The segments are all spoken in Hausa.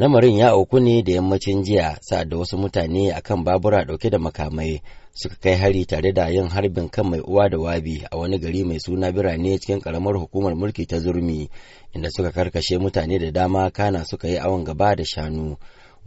lamarin ya auku ne da yammacin jiya sa'ad da wasu mutane a kan babura dauke da makamai suka kai hari tare da yin harbin kan mai uwa da wabi a wani gari mai suna birane cikin karamar hukumar mulki ta zurmi inda suka karkashe mutane da dama kana suka yi awon gaba da shanu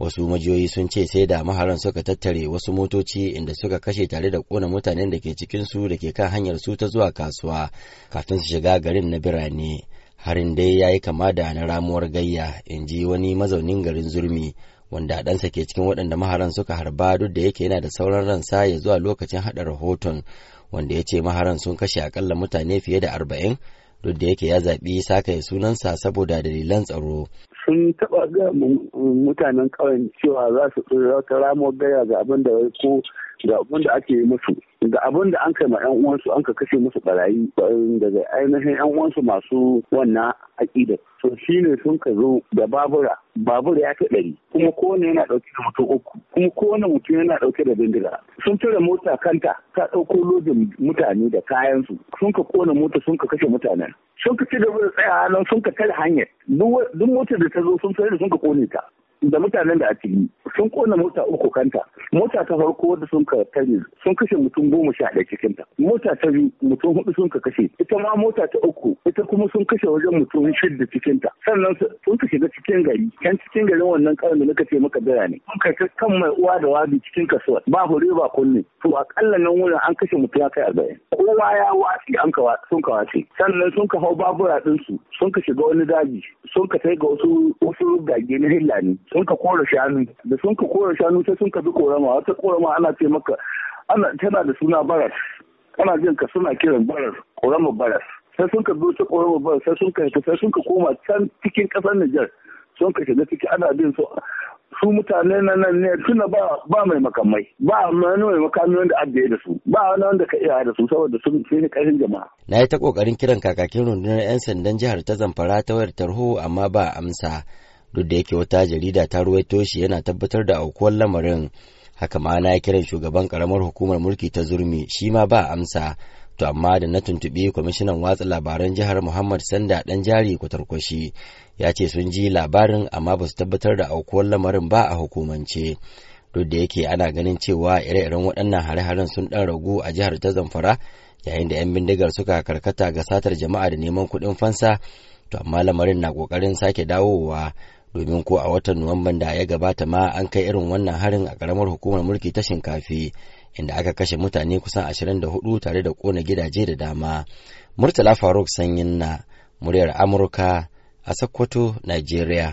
wasu majiyoyi sun ce sai da maharan suka tattare wasu motoci inda suka kashe tare da kona mutanen da ke cikinsu da ke kan hanyar su ta zuwa kasuwa kafin su shiga garin na birane harin dai ya yi kama da na ramuwar gayya in ji wani mazaunin garin zurmi wanda ɗansa ke cikin waɗanda maharan suka harba duk da yake yana da sauran ransa ya zuwa lokacin haɗa rahoton wanda ya ce maharan sun kashe akalla mutane fiye da arba'in duk da yake ya zaɓi sakaye sunansa saboda dalilan tsaro sun taba ga mutanen kawai cewa za su ta ramo gaya ga abin da ko ga abin da ake musu ga abin da an kai ma yan uwansu an ka kashe musu barayi daga ainihin yan uwansu masu wannan aƙidar to ne sun ka zo da babura babur ya kai ɗari kuma kowane yana ɗauke da mutum uku kuma kowane mutum yana ɗauke da bindiga sun cire mota kanta ta ɗauko lodin mutane da kayansu sun ka kona mota sun ka kashe mutanen sun ka ci gaba da tsayawa nan sun ka tare hanyar duk motar da ta zo sun sayar da sun ka kone ta da mutanen da a sun kona mota uku kanta mota ta farko wadda sun ka tare sun kashe mutum goma sha ɗaya cikin ta mota ta biyu mutum hudu sun ka kashe ita ma mota ta uku ita kuma sun kashe wajen mutum shidda cikin ta sannan sun ka shiga cikin gari can cikin garin wannan ƙauyen da naka ce maka daya ne sun kai kan mai uwa da wabi cikin kasuwa babu ba kunne to akalla nan wurin an kashe mutum ya kai arba'in kowa ya watsi an ka sun ka watsi sannan sun ka hau babura din su sun ka shiga wani daji sun ka sai ga wasu wasu gage na hillani sun ka kora shanu da sun ka kora shanu sai sun ka bi korama wata korama ana ce maka ana tana da suna baras ana jin ka suna kiran baras korama baras sai sun ka bi wata korama baras sai sun ka sai sun ka koma can cikin ƙasar Nijar sun ka shiga ciki ana bin su su mutane na nan ne tuna ba ba mai makamai ba wani mai makami wanda abbe da su ba wani wanda ka iya da su saboda sun fi ni karin jama'a na yi ta kokarin kiran kakakin rundunar 'yan sandan jihar ta zamfara ta wayar tarho amma ba amsa duk da yake wata jarida ta ruwaito shi yana tabbatar da aukuwar lamarin haka ma na kiran shugaban karamar hukumar mulki ta zurmi shi ma ba amsa To amma da na tuntuɓi kwamishinan watsa labaran jihar Muhammad Sanda ɗan jari kwatarkwashi ya ce sun ji labarin amma ba su tabbatar da aukuwar lamarin ba a hukumance. Duk da yake ana ganin cewa ire-iren waɗannan hare-haren sun ɗan ragu a jihar ta Zamfara yayin da 'yan bindigar suka karkata ga satar jama'a da neman kuɗin fansa to amma lamarin na ƙoƙarin sake dawowa domin ko a watan nuwamban da ya gabata ma an kai irin wannan harin a karamar hukumar mulki ta shinkafi inda aka kashe mutane kusan ashirin da hudu tare da kona gidaje da dama murtala faruk sanyin na muryar amurka a sokoto nigeria